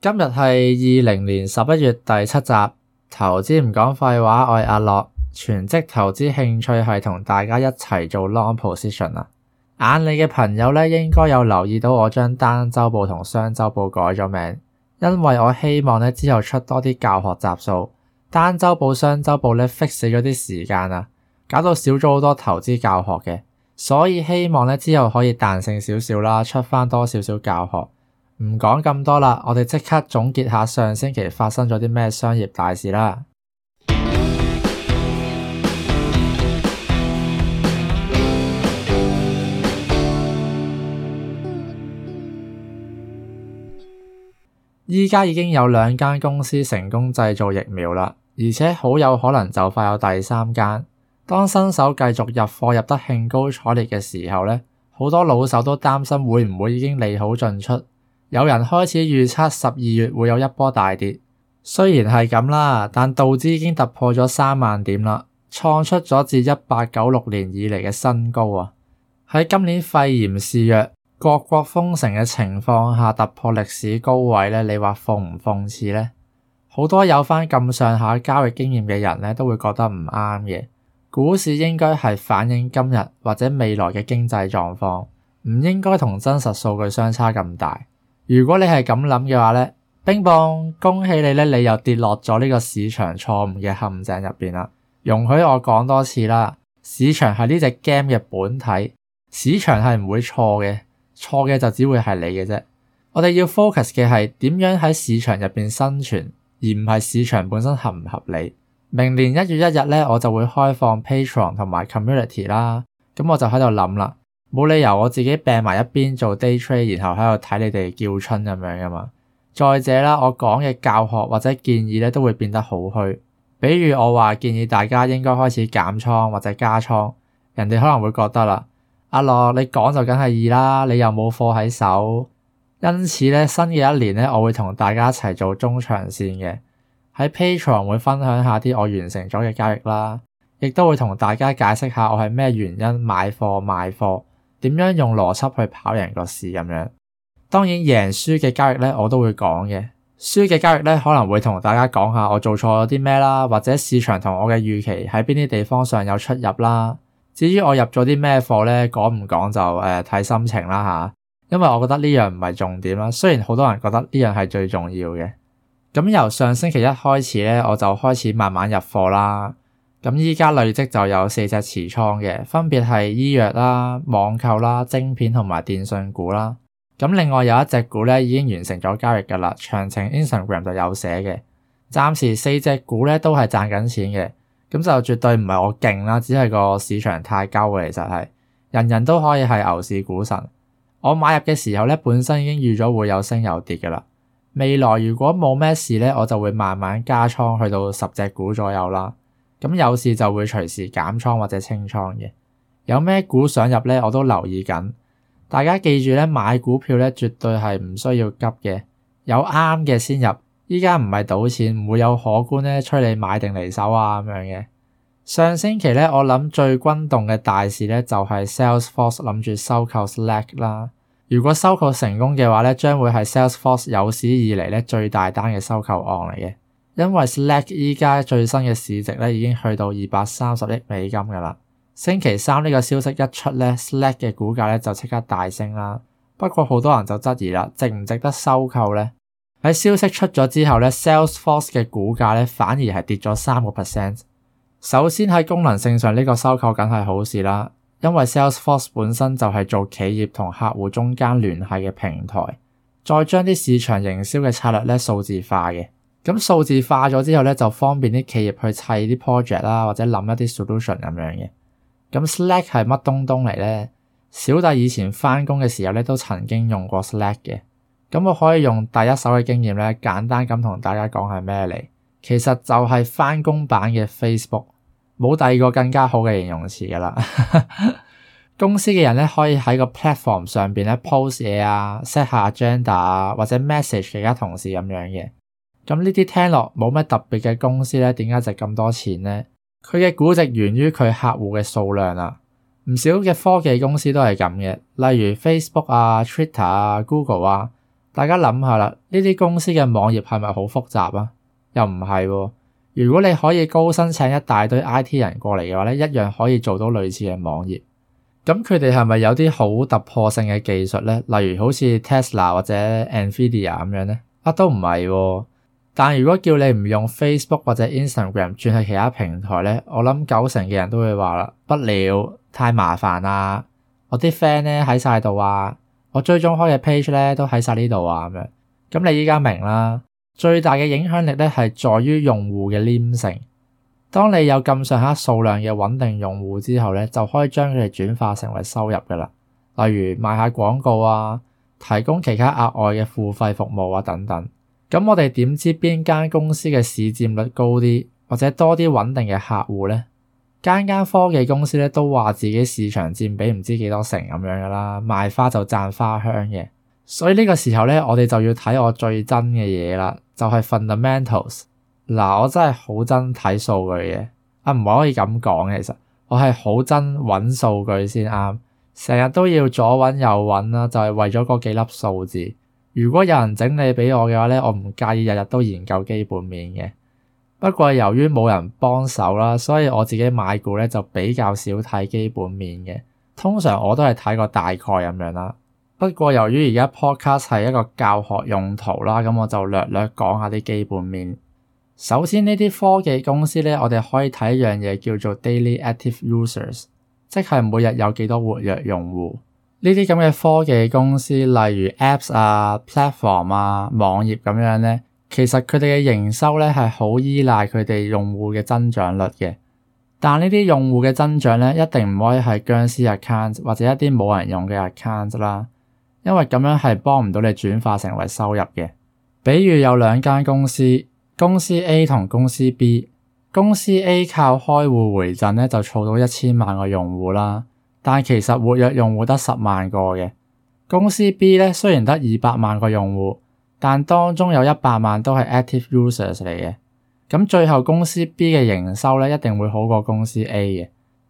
今日係二零年十一月第七集，投資唔講廢話，我係阿樂，全職投資興趣係同大家一齊做 long position 啊。眼你嘅朋友咧，應該有留意到我將單周報同雙周報改咗名，因為我希望咧之後出多啲教學集數。單周報、雙周報咧，fix 死咗啲時間啊，搞到少咗好多投資教學嘅，所以希望咧之後可以彈性少少啦，出翻多少少教學。唔講咁多啦，我哋即刻總結下上星期發生咗啲咩商業大事啦。依家已經有兩間公司成功製造疫苗啦，而且好有可能就快有第三間。當新手繼續入貨入得興高采烈嘅時候咧，好多老手都擔心會唔會已經利好進出。有人開始預測十二月會有一波大跌，雖然係咁啦，但道指已經突破咗三萬點啦，創出咗自一八九六年以嚟嘅新高啊！喺今年肺炎肆虐、各國封城嘅情況下突破歷史高位咧，你話諷唔諷刺呢？好多有翻咁上下交易經驗嘅人咧，都會覺得唔啱嘅。股市應該係反映今日或者未來嘅經濟狀況，唔應該同真實數據相差咁大。如果你係咁諗嘅話咧，冰棒，恭喜你咧，你又跌落咗呢個市場錯誤嘅陷阱入邊啦。容許我講多次啦，市場係呢隻 game 嘅本體，市場係唔會錯嘅，錯嘅就只會係你嘅啫。我哋要 focus 嘅係點樣喺市場入邊生存，而唔係市場本身合唔合理。明年一月一日咧，我就會開放 Patreon 同埋 community 啦。咁我就喺度諗啦。冇理由我自己病埋一邊做 day trade，然後喺度睇你哋叫春咁樣噶嘛。再者啦，我講嘅教學或者建議咧都會變得好虛。比如我話建議大家應該開始減倉或者加倉，人哋可能會覺得啦，阿樂你講就梗係易啦，你又冇貨喺手。因此咧，新嘅一年咧，我會同大家一齊做中長線嘅，喺 Patreon 會分享下啲我完成咗嘅交易啦，亦都會同大家解釋下我係咩原因買貨賣貨。買貨點樣用邏輯去跑贏個市咁樣？當然贏輸嘅交易咧，我都會講嘅。輸嘅交易咧，可能會同大家講下我做錯咗啲咩啦，或者市場同我嘅預期喺邊啲地方上有出入啦。至於我入咗啲咩貨咧，講唔講就誒睇、呃、心情啦吓，因為我覺得呢樣唔係重點啦。雖然好多人覺得呢樣係最重要嘅。咁由上星期一開始咧，我就開始慢慢入貨啦。咁依家累積就有四隻持倉嘅，分別係醫藥啦、網購啦、晶片同埋電信股啦。咁另外有一隻股咧已經完成咗交易噶啦，詳情 Instagram 就有寫嘅。暫時四隻股咧都係賺緊錢嘅，咁就絕對唔係我勁啦，只係個市場太高嘅,其實係人人都可以係牛市股神。我買入嘅時候咧，本身已經預咗會有升有跌噶啦。未來如果冇咩事咧，我就會慢慢加倉去到十隻股左右啦。咁有事就會隨時減倉或者清倉嘅。有咩股想入咧，我都留意緊。大家記住咧，買股票咧絕對係唔需要急嘅，有啱嘅先入。依家唔係賭錢，唔會有荷官咧催你買定離手啊咁樣嘅。上星期咧，我諗最轟動嘅大事咧就係 Salesforce 諗住收購 Slack 啦。如果收購成功嘅話咧，將會係 Salesforce 有史以嚟咧最大單嘅收購案嚟嘅。因為 Slack 依家最新嘅市值咧已經去到二百三十億美金噶啦。星期三呢個消息一出咧，Slack 嘅股價咧就即刻大升啦。不過好多人就質疑啦，值唔值得收購呢？喺消息出咗之後咧，Salesforce 嘅股價咧反而係跌咗三個 percent。首先喺功能性上呢個收購梗係好事啦，因為 Salesforce 本身就係做企業同客戶中間聯繫嘅平台，再將啲市場營銷嘅策略咧數字化嘅。咁數字化咗之後咧，就方便啲企業去砌啲 project 啦，或者諗一啲 solution 咁樣嘅。咁 Slack 係乜東東嚟咧？小弟以前翻工嘅時候咧，都曾經用過 Slack 嘅。咁我可以用第一手嘅經驗咧，簡單咁同大家講係咩嚟？其實就係翻工版嘅 Facebook，冇第二個更加好嘅形容詞噶啦。 公司嘅人咧，可以喺個 platform 上邊咧 post 嘢啊，set 下 agenda、啊、或者 message 其他同事咁樣嘅。咁呢啲聽落冇乜特別嘅公司咧，點解值咁多錢呢？佢嘅估值源於佢客戶嘅數量啊。唔少嘅科技公司都係咁嘅，例如 Facebook 啊、Twitter 啊、Google 啊。大家諗下啦，呢啲公司嘅網頁係咪好複雜啊？又唔係喎。如果你可以高薪請一大堆 IT 人過嚟嘅話咧，一樣可以做到類似嘅網頁。咁佢哋係咪有啲好突破性嘅技術咧？例如好似 Tesla 或者 NVIDIA 咁樣咧？啊，都唔係喎。但如果叫你唔用 Facebook 或者 Instagram 轉去其他平台咧，我諗九成嘅人都會話啦，不了，太麻煩啦。我啲 friend 咧喺晒度啊，我追蹤開嘅 page 咧都喺晒呢度啊咁樣。咁你依家明啦，最大嘅影響力咧係在於用戶嘅黏性。當你有咁上下數量嘅穩定用戶之後咧，就可以將佢哋轉化成為收入㗎喇，例如賣下廣告啊，提供其他額外嘅付費服務啊等等。咁我哋點知邊間公司嘅市佔率高啲，或者多啲穩定嘅客戶呢？間間科技公司咧都話自己市場占比唔知幾多成咁樣噶啦，賣花就讚花香嘅。所以呢個時候咧，我哋就要睇我最憎嘅嘢啦，就係、是、fundamentals。嗱、啊，我真係好憎睇數據嘅，啊唔可以咁講。其實我係好憎揾數據先啱，成日都要左揾右揾啦，就係、是、為咗嗰幾粒數字。如果有人整理畀我嘅話咧，我唔介意日日都研究基本面嘅。不過由於冇人幫手啦，所以我自己買股咧就比較少睇基本面嘅。通常我都係睇個大概咁樣啦。不過由於而家 podcast 係一個教學用途啦，咁我就略略講下啲基本面。首先呢啲科技公司咧，我哋可以睇一樣嘢叫做 daily active users，即係每日有幾多活躍用戶。呢啲咁嘅科技公司，例如 apps 啊、platform 啊、網頁咁樣咧，其實佢哋嘅營收咧係好依賴佢哋用戶嘅增長率嘅。但呢啲用戶嘅增長咧，一定唔可以係殭屍 account 或者一啲冇人用嘅 account 啦，因為咁樣係幫唔到你轉化成為收入嘅。比如有兩間公司，公司 A 同公司 B，公司 A 靠開戶回贈咧就儲到一千萬個用戶啦。但其實活躍用戶得十萬個嘅公司 B 咧，雖然得二百萬個用戶，但當中有一百萬都係 active users 嚟嘅。咁最後公司 B 嘅營收咧一定會好過公司 A 嘅，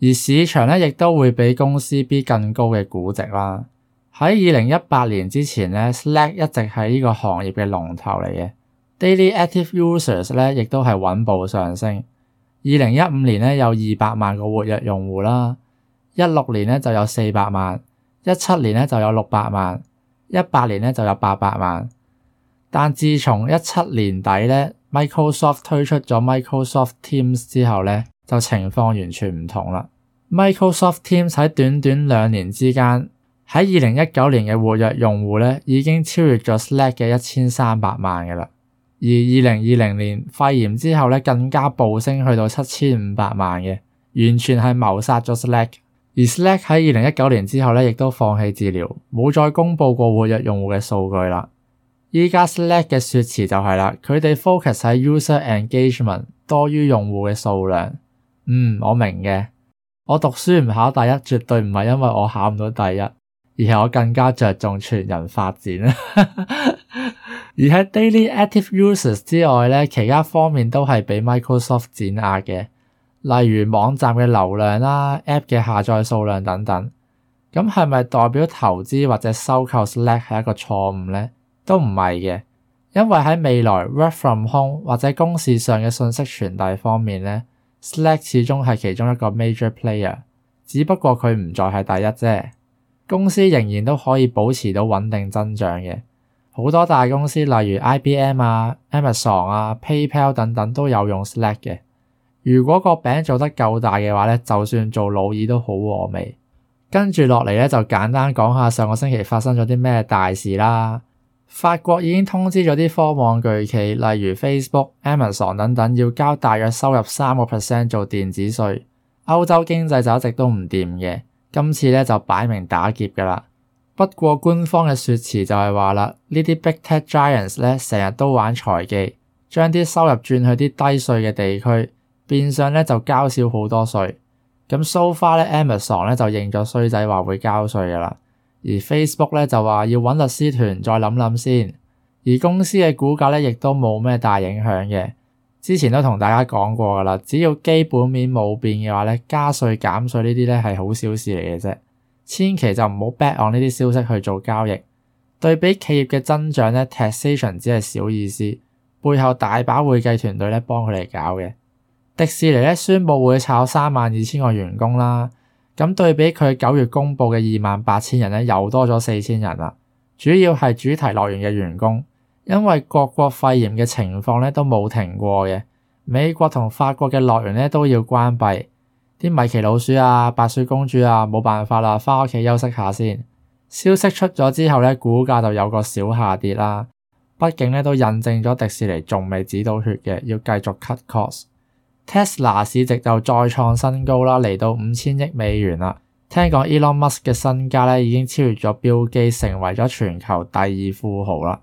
而市場咧亦都會比公司 B 更高嘅估值啦。喺二零一八年之前咧 Slack 一直係呢個行業嘅龍頭嚟嘅，daily active users 咧亦都係穩步上升。二零一五年咧有二百萬個活躍用戶啦。一六年咧就有四百萬，一七年咧就有六百萬，一八年咧就有八百萬。但自從一七年底咧 Microsoft 推出咗 Microsoft Teams 之後咧，就情況完全唔同啦。Microsoft Teams 喺短短兩年之間，喺二零一九年嘅活躍用戶咧已經超越咗 Slack 嘅一千三百萬嘅啦。而二零二零年肺炎之後咧，更加暴升去到七千五百萬嘅，完全係謀殺咗 Slack。而 Slack 喺二零一九年之後咧，亦都放棄治療，冇再公布過活躍用戶嘅數據啦。依家 Slack 嘅說辭就係啦，佢哋 focus 喺 user engagement 多於用戶嘅數量。嗯，我明嘅。我讀書唔考第一，絕對唔係因為我考唔到第一，而係我更加着重全人發展 而喺 daily active users 之外咧，其他方面都係俾 Microsoft 碾壓嘅。例如網站嘅流量啦、App 嘅下載數量等等，咁係咪代表投資或者收購 Slack 係一個錯誤咧？都唔係嘅，因為喺未來 Work From Home 或者公事上嘅信息傳遞方面咧，Slack 始終係其中一個 major player，只不過佢唔再係第一啫。公司仍然都可以保持到穩定增長嘅，好多大公司例如 IBM 啊、Amazon 啊、PayPal 等等都有用 Slack 嘅。如果個餅做得夠大嘅話咧，就算做老二都好和味。跟住落嚟咧，就簡單講下上個星期發生咗啲咩大事啦。法國已經通知咗啲科網巨企，例如 Facebook、Amazon 等等，要交大約收入三個 percent 做電子稅。歐洲經濟就一直都唔掂嘅，今次咧就擺明打劫噶啦。不過官方嘅說辭就係話啦，呢啲 Big Tech Giants 咧成日都玩財技，將啲收入轉去啲低稅嘅地區。變相咧就交少好多稅，咁 so far 咧，Amazon 咧就認咗衰仔話會交稅噶啦，而 Facebook 咧就話要揾律師團再諗諗先，而公司嘅股價咧亦都冇咩大影響嘅。之前都同大家講過噶啦，只要基本面冇變嘅話咧，加稅減稅呢啲咧係好小事嚟嘅啫，千祈就唔好 bet on 呢啲消息去做交易。對比企業嘅增長咧，taxation 只係小意思，背後大把會計團隊咧幫佢哋搞嘅。迪士尼咧宣佈會炒三萬二千個員工啦，咁對比佢九月公布嘅二萬八千人咧，又多咗四千人啦。主要係主題樂園嘅員工，因為各國肺炎嘅情況咧都冇停過嘅，美國同法國嘅樂園咧都要關閉，啲米奇老鼠啊、白雪公主啊冇辦法啦，翻屋企休息下先。消息出咗之後咧，股價就有個小下跌啦，畢竟咧都印證咗迪士尼仲未止到血嘅，要繼續 cut cost。Tesla 市值就再創新高啦，嚟到五千億美元啦。聽講 Elon Musk 嘅身家咧已經超越咗比爾蓋茨，成為咗全球第二富豪啦。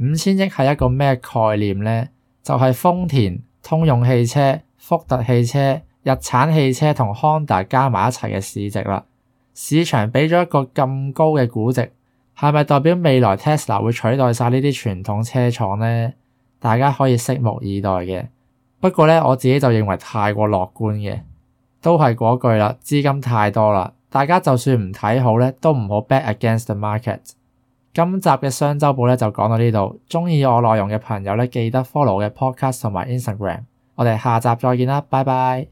五千億係一個咩概念呢？就係、是、豐田、通用汽車、福特汽車、日產汽車同 Honda 加埋一齊嘅市值啦。市場俾咗一個咁高嘅估值，係咪代表未來 Tesla 會取代晒呢啲傳統車廠呢？大家可以拭目以待嘅。不過咧，我自己就認為太過樂觀嘅，都係嗰句啦，資金太多啦，大家就算唔睇好咧，都唔好 bet against the market。今集嘅商週報咧就講到呢度，中意我內容嘅朋友咧記得 follow 我嘅 podcast 同埋 Instagram，我哋下集再見啦，拜拜。